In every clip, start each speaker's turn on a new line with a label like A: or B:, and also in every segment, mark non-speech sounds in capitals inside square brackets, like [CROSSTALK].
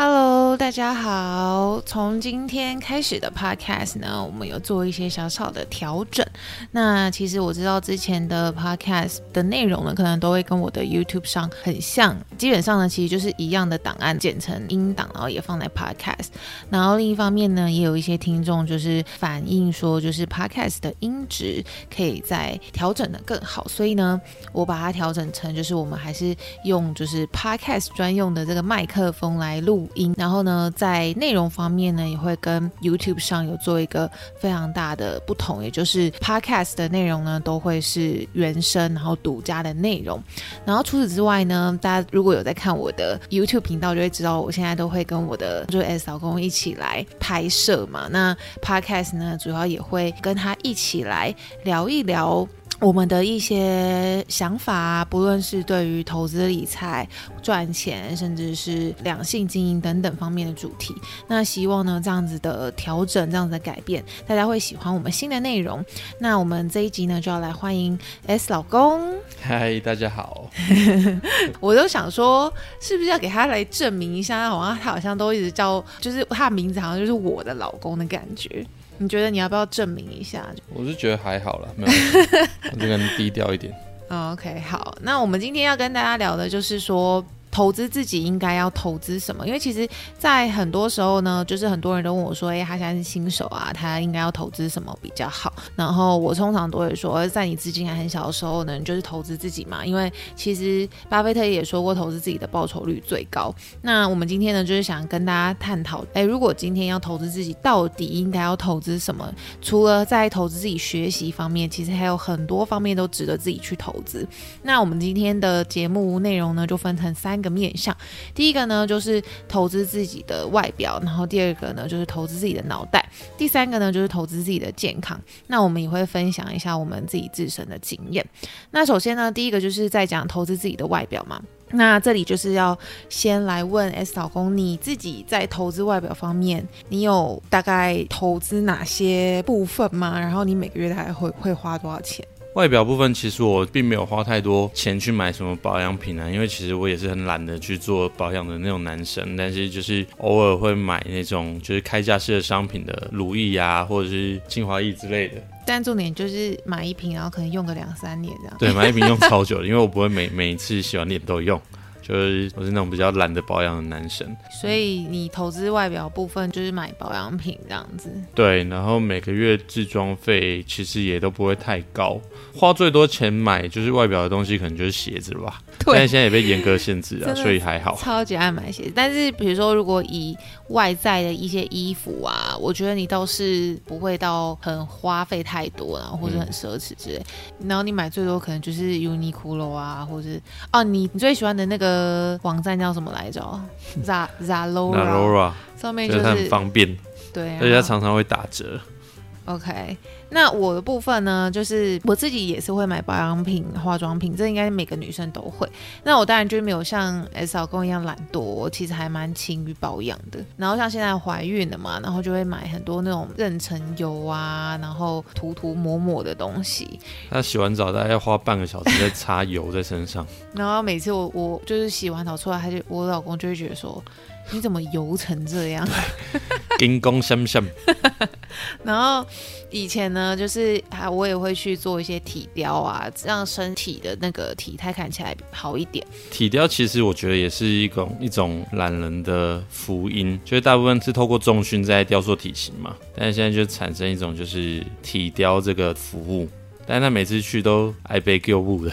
A: Hello，大家好。從今天開始的 Podcast 呢，我們有做一些小小的調整。那其實我知道之前的 Podcast 的內容呢，可能都會跟我的 YouTube 上很像，基本上呢，其實就是一樣的檔案剪成音檔，然後也放在 Podcast。然後另一方面呢，也有一些聽眾就是反映說，就是 Podcast 的音質可以再調整的更好，所以呢，我把它調整成就是我們還是用就是 Podcast 專用的這個麥克風來錄。音，然後呢，在內容方面呢，也會跟 YouTube 上有做一個非常大的不同，也就是 Podcast 的內容呢，都會是原聲，然後獨家的內容。然後除此之外呢，大家如果有在看我的 YouTube 頻道，就會知道我現在都會跟我的就 S 老公一起來拍攝嘛。那 Podcast 呢，主要也會跟他一起來聊一聊。我們的一些想法，不論是對於投資理財、賺錢，甚至是兩性經營等等方面的主題，那希望呢，這樣子的調整，這樣子的改變，大家會喜歡我們新的內容。那我們這一集呢，就要來歡迎 S 老公。
B: 嗨，大家好。
A: [LAUGHS] 我都想說，是不是要給他來證明一下？好像他好像都一直叫，就是他的名字好像就是我的老公的感覺。你覺得你要不要證明一下？
B: 我是覺得還好了。沒有 [LAUGHS] 就更低調一點。
A: [LAUGHS] OK，好，那我們今天要跟大家聊的就是說，投資自己應該要投資什麼？因為其實在很多時候呢，就是很多人都問我說：“欸，他現在是新手啊，他應該要投資什麼比較好？”然後我通常都會說：“在你資金還很小的時候呢，就是投資自己嘛。”因為其實巴菲特也說過，投資自己的報酬率最高。那我們今天呢，就是想跟大家探討：“欸，如果今天要投資自己，到底應該要投資什麼？”除了在投資自己學習方面，其實還有很多方面都值得自己去投資。那我們今天的節目內容呢，就分成三個。面向，第一個呢就是投資自己的外表，然後第二個呢就是投資自己的腦袋，第三個呢就是投資自己的健康。那我們也會分享一下我們自己自身的經驗。那首先呢，第一個就是在講投資自己的外表嘛。那這裡就是要先來問 S 老公，你自己在投資外表方面，你有大概投資哪些部分嗎？然後你每個月大概會會花多少錢？
B: 外表部分其實我並沒有花太多錢去買什麼保養品啊，因為其實我也是很懶得去做保養的那種男生，但是就是偶爾會買那種就是開架式的商品的乳液啊，或者是精華液之類的。
A: 但重點就是買一瓶，然後可能用個兩三年這樣。對，買一瓶用超
B: 久的， [LAUGHS] 因為我不會每每一次洗完臉都用。就是我是那種比較懶得保養的男生，
A: 所以你投資外表部分就是買保養品這樣子。
B: 對，然後每個月置裝費其實也都不會太高，花最多錢買就是外表的東西，可能就是鞋子吧。對，但是現在也被嚴格限制了，真的，所以還好。超
A: 級愛買鞋子，但是比如說如果以外在的一些衣服啊，我覺得你倒是不會到很花費太多，啊，或者很奢侈之類。嗯、然後你買最多可能就是 Uniqlo 啊，或者哦、啊，你你最喜歡的那個。呃，網站叫什麼來着？Zalora， [LAUGHS] Zalora，上面就是很方便，對啊，而且它
B: 常常會打折。
A: OK。那我的部分呢，就是我自己也是會買保養品、化妝品，這應該是每個女生都會。那我當然就沒有像 S 老公一樣懶惰，我其實還蠻勤於保養的。然後像現在懷孕了嘛，然後就會買很多那種妊娠油啊，然後塗塗抹抹
B: 的東西。那洗完澡大概要花半個小時在擦油在身上。
A: [LAUGHS] 然後每次我我就是洗完澡出來，他就我老公就會覺得說，你怎麼油成這樣？
B: [LAUGHS] [LAUGHS] 金光閃閃。
A: 然後以前呢，就是啊，我也會去做一些體雕啊，讓身體的那個體態看起來好一點。
B: 體雕其實我覺得也是一種一種懶人的福音，就是大部分是透過重訓在雕塑體型嘛。但是現在就產生一種就是體雕這個服務，但是他每次去都愛被救物的。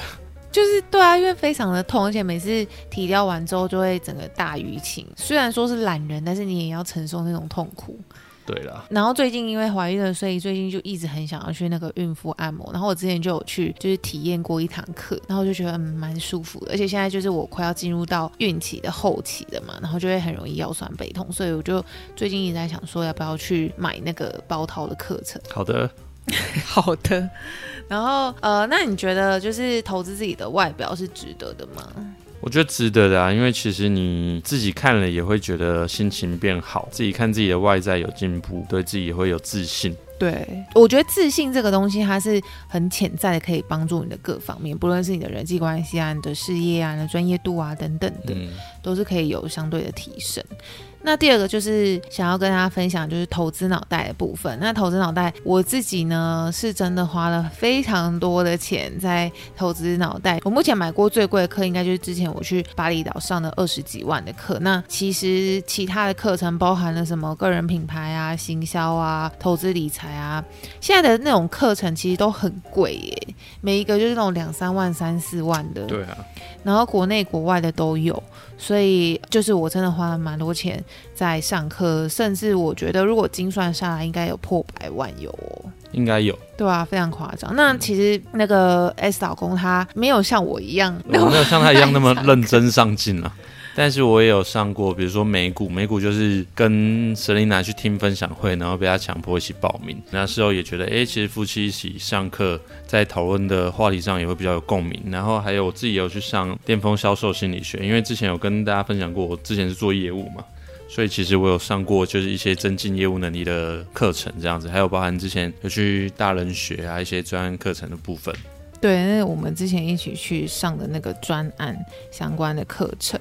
A: 就是對啊，因為非常的痛，而且每次體雕完之後就會整個大淤青。雖然說是懶人，但是你也要承受那種痛苦。對了，然後最近因為懷孕了，所以最近就一直很想要去那個孕婦按摩。然後我之前就有去，就是體驗過一堂課，然後就覺得，嗯，蠻舒服的。而且現在就是我快要進入到孕期的後期了嘛，然後就會很容易腰酸背痛，所以我就最近一直在想說，要不要去買那個包套的課程。好的， [LAUGHS] 好的。然後呃，那你覺得就是投資自己的外表是值得的嗎？
B: 我覺得值得的啊，因為其實你自己看了也會覺得心情變好，自己看自己的外在有進步，對自己也會有自信。
A: 對，我覺得自信這個東西它是很潛在的，可以幫助你的各方面，不論是你的人際關係啊、你的事業啊、你的專業度啊等等的，嗯、都是可以有相對的提升。那第二個就是想要跟大家分享，就是投資腦袋的部分。那投資腦袋，我自己呢是真的花了非常多的錢在投資腦袋。我目前買過最貴的課，應該就是之前我去巴厘島上的二十幾萬的課。那其實其他的課程包含了什麼個人品牌啊、行銷啊、投資理財啊，現在的那種課程其實都很貴耶，欸，每一個就是那種兩三萬、三四萬的。對啊。然後國內國外的都有，所以就是我真的花了蠻多錢在上課，甚至我覺得，如果精算下來，應該有破百萬有哦，應該有，對啊，非常誇張。那其實那個 S 老公他沒有像我一樣，嗯、我沒有像他一樣
B: 那麼認真上進啊。 [LAUGHS] 但是我也有上過，比如說美股，美股就是跟 Selina 去聽分享會，然後被他強迫一起報名。那時候也覺得，哎，其實夫妻一起上課，在討論的話題上也會比較有共鳴。然後還有我自己有去上巔峰銷售心理學，因為之前有跟大家分享過，我之前是做業務嘛。所以其實我有上過，就是一些增進業務能力的課程，這樣子，還有包含之前有去大人學啊一些專案課程的部分。
A: 對，因為我們之前一起去上的那個專案相關的課程，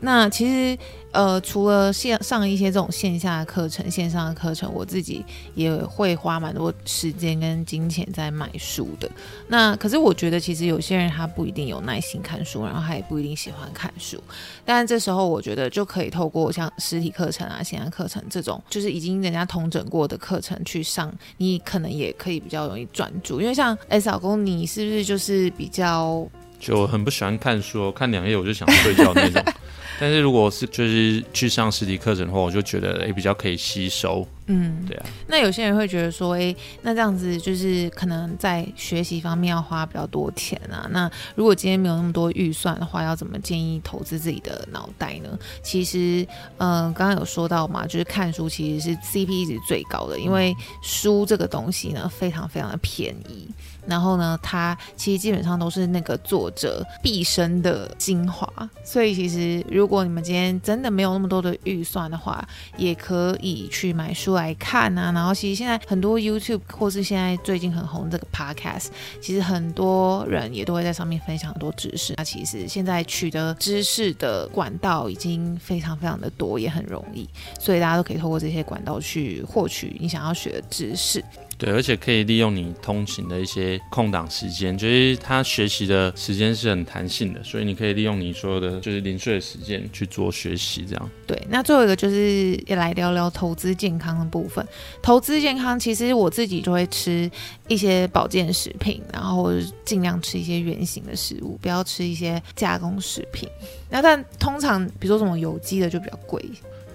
A: 那其實。呃，除了線上一些這種線下的課程、線上的課程，我自己也會花蠻多時間跟金錢在買書的。那可是我覺得，其實有些人他不一定有耐心看書，然後他也不一定喜歡看書。但這時候，我覺得就可以透過像實體課程啊、線上課程這種，就是已經人家統整過的課程去上，你可能也可以比較容易專注。因為像哎，老公，你是不是就是比較
B: 就，就我很不喜歡看書，哦，看兩頁我就想睡覺那種。 [LAUGHS] 但是如果是就是去上實體課程的話，我就覺得也比較可以吸收。嗯，對啊。
A: 那有些人會覺得說，哎，那這樣子就是可能在學習方面要花比較多錢啊。那如果今天沒有那麼多預算的話，要怎麼建議投資自己的腦袋呢？其實，嗯、呃，剛剛有說到嘛，就是看書其實是 CP 值最高的，因為書這個東西呢，非常非常的便宜。然後呢，它其實基本上都是那個作者畢生的精華，所以其實如果你們今天真的沒有那麼多的預算的話，也可以去買書來看啊。然後其實現在很多 YouTube 或是現在最近很紅這個 Podcast，其實很多人也都會在上面分享很多知識。那其實現在取得知識的管道已經非常非常的多，也很容易，所以大家都可以透過這些管道去獲取你想要學的知識。
B: 對，而且可以利用你通勤的一些空檔時間，就是他學習的時間是很彈性的，所以你可以利用你所有的就是零碎的時間去做學習，這樣。
A: 對，那最後一個就是也來聊聊投資健康的部分。投資健康，其實我自己就會吃一些保健食品，然後儘量吃一些原型的食物，不要吃一些加工食品。那但通常比如說什麼有機的就比較貴，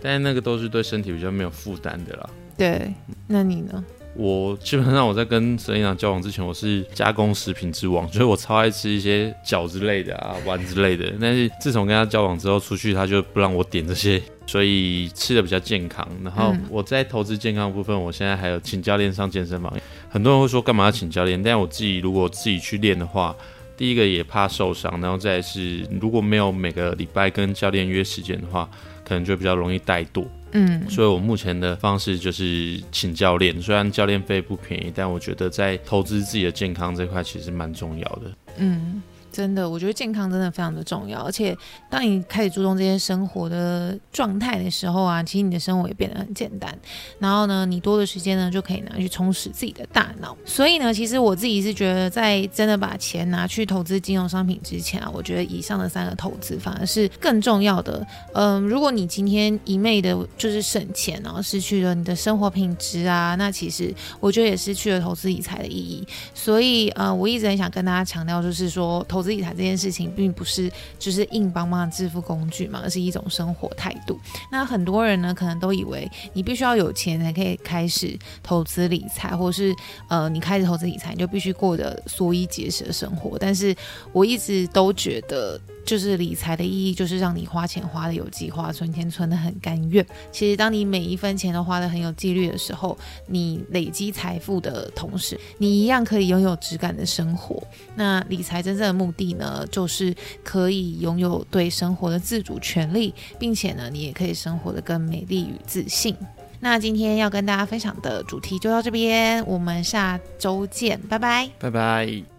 B: 但是那個都是對身體比較沒有負擔的啦。
A: 對，那你呢？
B: 我基本上我在跟沈營長交往之前，我是加工食品之王，所以我超愛吃一些餃子類的啊、丸子類的。但是自從跟他交往之後，出去他就不讓我點這些，所以吃得比較健康。然後我在投資健康的部分，我現在還有請教練上健身房。嗯、很多人會說幹嘛要請教練，但我自己如果自己去練的話，第一個也怕受傷，然後再來是如果沒有每個禮拜跟教練約時間的話，可能就比較容易怠惰，嗯，所以我目前的方式就是請教練，雖然教練費不便宜，但我覺得在投資自己的健康這塊，其實蠻重要的，嗯。
A: 真的，我覺得健康真的非常的重要，而且當你開始注重這些生活的狀態的時候啊，其實你的生活也變得很簡單。然後呢，你多的時間呢就可以拿去充實自己的大腦。所以呢，其實我自己是覺得，在真的把錢拿、啊、去投資金融商品之前啊，我覺得以上的三個投資反而是更重要的。嗯、呃，如果你今天一昧的就是省錢、啊，然後失去了你的生活品質啊，那其實我覺得也失去了投資理財的意義。所以呃，我一直很想跟大家強調，就是說投。投資理財這件事情，並不是就是硬邦邦的致富工具嘛，而是一種生活態度。那很多人呢，可能都以為你必須要有錢才可以開始投資理財，或者是呃，你開始投資理財，你就必須過着縮衣節食的生活。但是我一直都覺得，就是理財的意義，就是讓你花錢花的有計劃，存錢存的很甘願。其實，當你每一分錢都花的很有紀律的時候，你累積財富的同時，你一樣可以擁有質感的生活。那理財真正的目目的呢，就是可以擁有對生活的自主權利，並且呢，你也可以生活得更美麗與自信。那今天要跟大家分享的主題就到這邊，我們下周見，拜拜，
B: 拜拜。